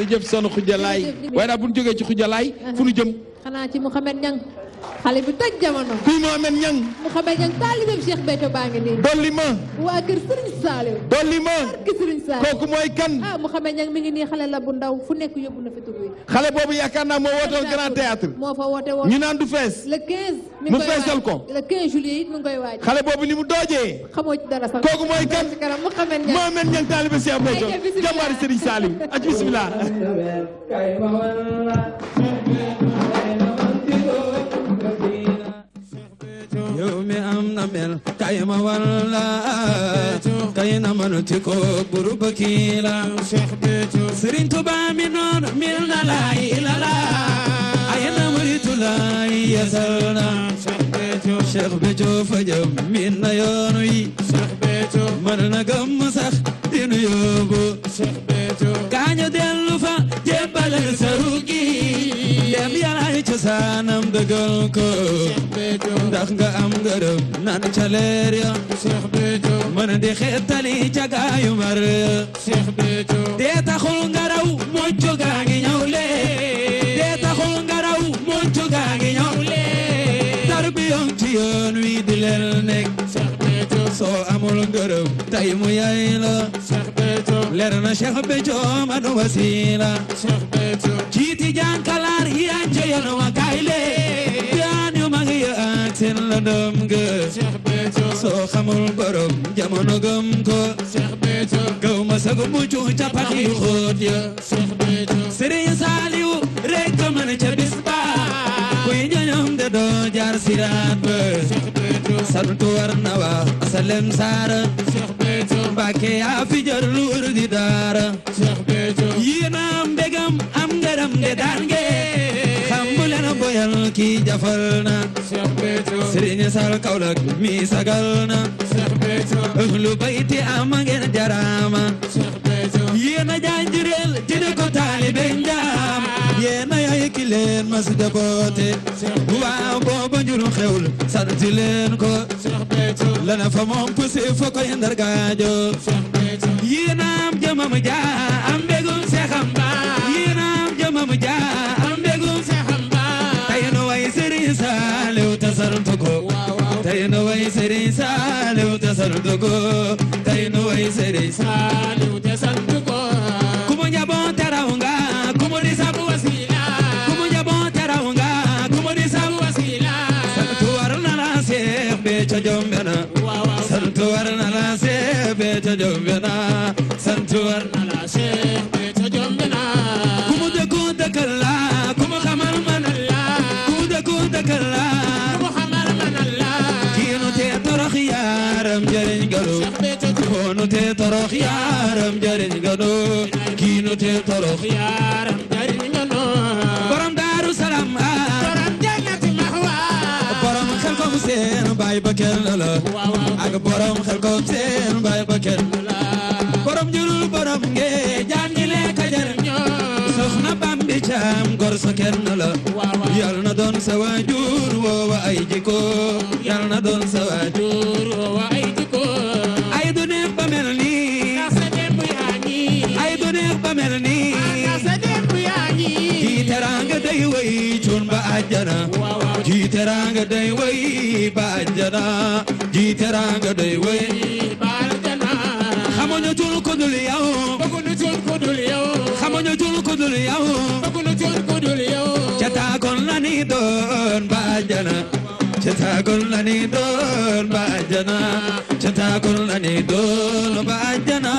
jërëjëf sonn xujalaay waaye daal bu ñu jógee ci xujalaay fu ñu jëm xanaa ci Mouhamed Niang xale bi toj jamono. kuy Mohamed Niang. Mohamed Niang taalibeem Cheikh Béthio baa ngi nii. dolli ma. waa kër Serigne Saliou. dolli ma. kër Serigne Saliou kooku mooy kan. ah Mohamed Niang mi ngi nii xale la bu ndaw fu nekk yóbbu na fi tur wi. xale boobu yaakaar naa moo wootoon Grand Théâtre. moo fa woote woon ñu naan du fees. le 15. mu feesal ko. le 15 juillet it mi ngi koy waaj. xale boobu ni mu doojee. xamoo ci dara sax kooku mooy kan. Mohamed Niang Mohamed Niang taalibe mel kay ma war la kay na manu ti buru bakila Cheikh Béthio mi noonu mil na la ilala ay na muritu la yasal na Cheikh Béthio Cheikh Béthio fa jëm min na yoonu yi Cheikh Béthio na gëm sax yóbbu Cheikh Béthio kañu dellu fa jébbalal sa ruugi dem yaraay cosaanam dëggal ko Cheikh Béthio ndax nga am ngërëm nan ca leer ya Cheikh Béthio mën di xeetali jagaayu mar ya Cheikh Béthio dee taxul nga raw moccu gaa ngi ñëw lee dee taxul nga raw moccu gaa ngi ñëw lee tarbiyoon ci yoon wi di leen nekk soo amul ngërëm tay leer na Cheikh Béthio ma nu wasila Cheikh Béthio jiiti jànkalaar yi a ma kay le daan yu mag yi ak la dëm ga soo xamul borom jamono gëm ko Cheikh Béthio gaw ma sagu muccu ca pax ya Cheikh Béthio Sëriñ Saaliw ca bis ba kuy ñoñom de doo jaar siraat ba santu warna wa asalem saara Cheikh Béthio Mbàkke yaa fi jar luur di daara Cheikh Béthio yéena am mbégam am ngaram de daan ngeen xam bu leen ki jafal na Cheikh Béthio Sëriñ Sall Kaolack mi sagal na Cheikh Béthio ahlu bayti am ngeen jaraama Cheikh Béthio yéena janjireel dina ko taalibe njaam ah. yéena yaay ki leen mas jaboote waaw lu xewul sant ko Cheikh Béthio la fa moom pusi fa koy ndargaajo Cheikh Béthio yéenam jëmam ja am mbégum seexam ba yéenam jëmam ja am mbégum seexam ba tey nu way Sëriñ Saaliw te sant ko tey nu way Sëriñ Saaliw te sant ko tey nu way Sëriñ Saaliw te sant ta jombena sant war na la Cheikh be ta jombena ku mu dëkkoon dëkkal la ku mu xamal manal la ku mu dëkkoon dëkkal la ku mu xamal manal la kii nu tee torox yaaram jëriñ gado kii nu tee torox yaaram jëriñ gado kii nu tee torox yaaram خلقوبتين باي بكر اك بروم خلقوبتين باي بكر بروم جلول بروم جي جان جلي كجر سخنا بامبي جام غور سكر نلا يالنا دون سوا جور وو اي جيكو يالنا دون سوا جور وو اي جيكو اي دوني باملني ناسدي بياني اي دوني باملني ناسدي بياني دي وي جون با اجنا ji teraanga day way ba àjjana ji teraanga day way ba àjjana xamuñu jul ku dul yow bëgguñu jul ku dul yow xamuñu jul ku dul yow bëgguñu jul ku dul yow ca taagoon la ni doon ba àjjana ca taagoon la ni doon ba àjjana ca taagoon la ni doon ba àjjana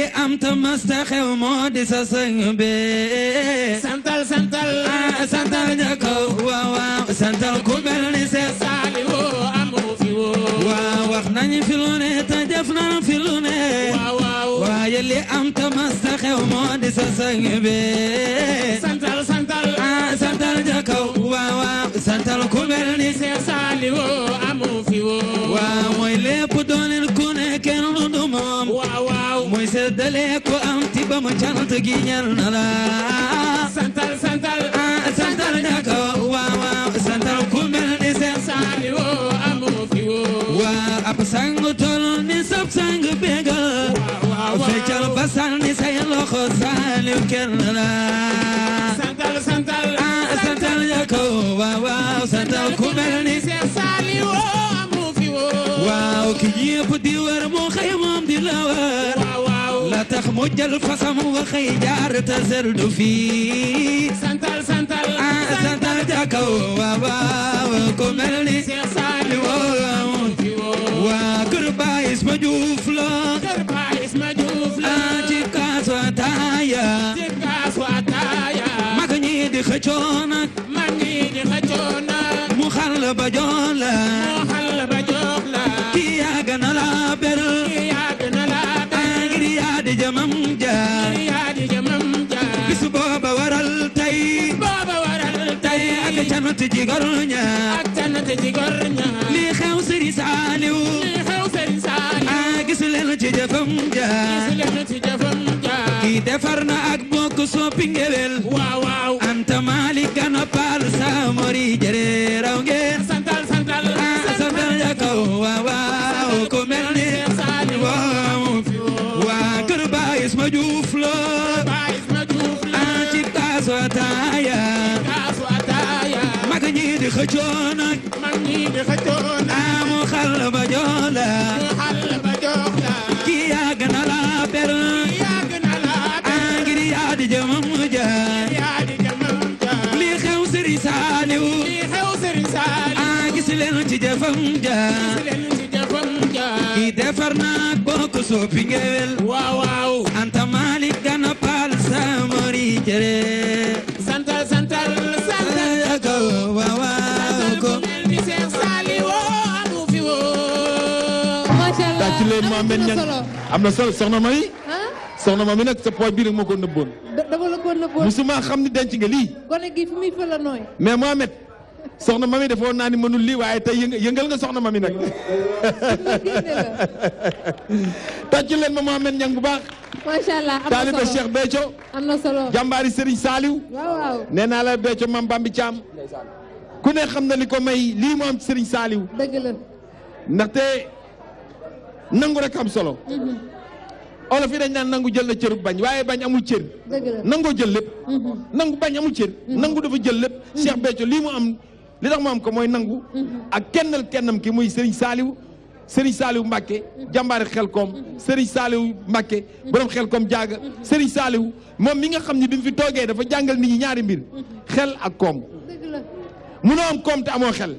de am te mës ta xew moo di sa sang be santal santal santal ña ko wa waaw santal ko bel ni Seex Saaliw amu fi woon waaw wax nañu fi lu ne ta def na fi lu ne waaye li am te mës ta xew moo di sa sang be santal santal santal ña ko wa waaw santal ko bel ni se Seex Saaliw I'm gignal nalai jël fasam wa xëy jaar du fii santal santal ah santal jakaw waaw ko mel ni Seex Saaliw waa kër Baay Isma Juuf kër Baay Isma Juuf la ah, ci kaas wa taaya ci kaas wa taaya mag ñi di xëccoo nag gorña ak jannati ci gorña li xew sëriñ Saaliw li xew na ak bokk soppi ngewel waaw waaw jere raw ngeen santal santal ah, santal ja wow wow, waaw ko wow, ni Saaliw waaw xëccoo nag mag ñi di xëccoo nag mu xal ba jox la mu xal ba jox la kii yàgg na la per kii yàgg na la per ah, ngir yaa di jëmam ja yaa di jëmam ja li xew sëriñ Saaliw li xew sëriñ Saaliw ah gis leen ci jëfam ja gis leen ci jëfam ja kii defar nag bokk soppi ngewel waaw waaw Souley Mohamed Niang am na solo soxna ma yi. soxna ma mi se sa pooj bii rek moo ko nëbboon. dama la ko xam ni denc nga lii. gone gi fi mais Mohamed soxna ma mi defoon naa ni mënul lii waaye tey yëngal nga soxna ma mi nag. tàcc leen ma Mohamed Niang bu baax. macha allah am na solo taalibe Cheikh Béthio. am na solo jàmbaari Serigne naa la Béthio mam Bambi Thiam. ku ne xam na li ko may lii moom Serigne Saliou. ndaxte. nangu rek am solo. Mhm. olof yi dañ nangu jël na cëru bañ waaye bañ amul cër. nangoo jël lépp. Mhm. nangu bañ amul cër. Mhm. nangu dafa jël lépp. Cheikh Béthio lii mu am li tax mu am ko mooy nangu. ak kennal kennam ki muy Serigne Saliou. Serigne Saliou Mbacké jàmbaari xel koom Serigne Saliou Mbacké borom xel koom jaaga Serigne Saliou moom mi nga xam ne bi fi toogee dafa jàngal nit ñi ñaari mbir xel ak koom. mënoo am koom te amoo xel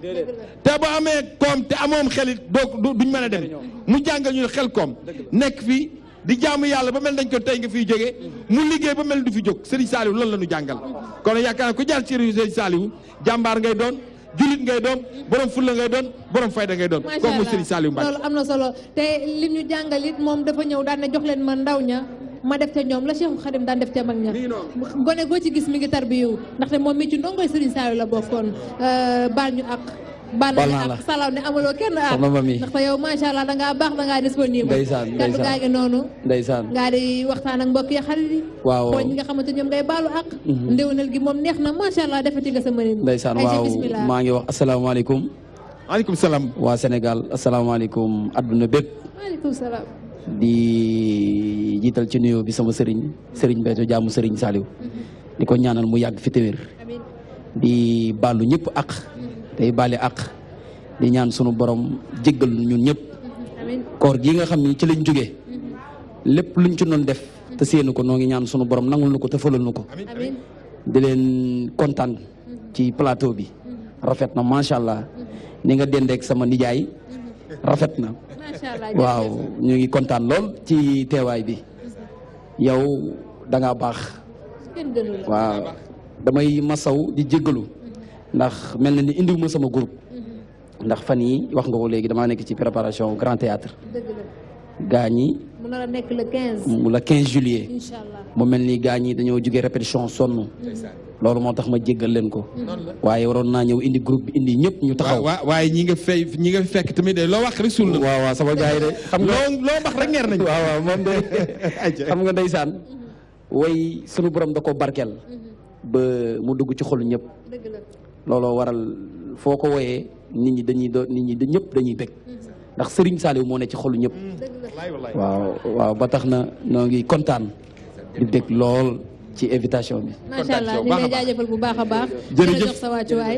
te bu amee koom te amoom xel it doo duñ mën a dem mu jàngal ñu xel koom nekk fi di jaamu yàlla ba mel dañ ko tey nga fi jógee mu liggéey ba mel du fi jóg Serigne Saliou loolu la ñu jàngal kon yaakaar naa ku jaar ci Serigne Saliou jàmbaar ngay doon julit ngay doon borom fulla ngay doon borom fayda ngay doon kooku Serigne Saliou Mbacké loolu am na solo te lim ñu jàngal it moom dafa ñëw daan na jox leen ma ndaw ña ma def ca ñoom la Cheikh Khadim daan def ca mag ña gone goo ci gis mi ngi tarbiyu ndaxte moom mi ci ndongoy Serigne Saliou la bokkoon euh, baal ñu ak baal na ak salaw ne amaloo kenn yow macha allah baax dangaa disponible kaddu gaa ngi noonu ndeysaan ngaa di waxtaan ak mbokk ya xarit yi waaw ñi nga xamante ñoom ngay baalu ak mhm. ndéwénal gi moom neex na macha allah defati nga sa mënin saan waaw maa ngi wax asalaamaaleykum maaleykum salaam waa Sénégal asalaamaaleykum adduna bépp maaleykum salaam di jiital ci nuyoo bi sama sëriñ sëriñ Béthio jaamu sëriñ Saliou di ko ñaanal mu yàgg fi te di baalu ñëpp ak tey baale ak di ñaan sunu borom jéggal ñun ñëpp koor gi nga xam ni ci lañ jógee lépp luñ ci doon def te séenu ko noo ngi ñaan sunu borom nangul nu ko te fëlal nu ko di leen kontaan ci plateau bi rafet na macha allah ni nga dendeek sama nijaay rafet na waaw ñu ngi kontaan lool ci teewaay bi yow danga baax waaw damay masaw di jéggalu ndax mel na ni indiw ma sama groupe mhm. ndax fan yi wax nga ko léegi damaa nekk ci préparation grand théâtre gaañ yi. mu nar a nekk le 15. le juillet. mu mel ni gaañ yi dañoo jógee répétition sonn. loolu moo tax ma jéggal leen ko. waaye waroon naa ñëw indi groupe bi indi ñëpp ñu taxaw. waaye ñi nga fay ñi nga fekk tamit de loo wax rek suul na. waaw sama gars de. xam nga loo loo wax rek ngeer nañu. waaw waaw moom de nga ndeysaan. way sunu borom da ko barkeel. Mm-hmm. ba mu dugg ci xolu ñëpp. looloo waral foo ko wooyee nit ñi dañuy doon nit ñëpp dañuy bëgg. Mm-hmm. ndax Serigne Saliou moo ne ci xolu ñëpp waaw waaw ba tax na noo ngi kontaan di dégg lool ci invitation bi. macha allah ñu ngi lay jaajëfal bu baax a baax. jërëjëf sa wàccuwaay.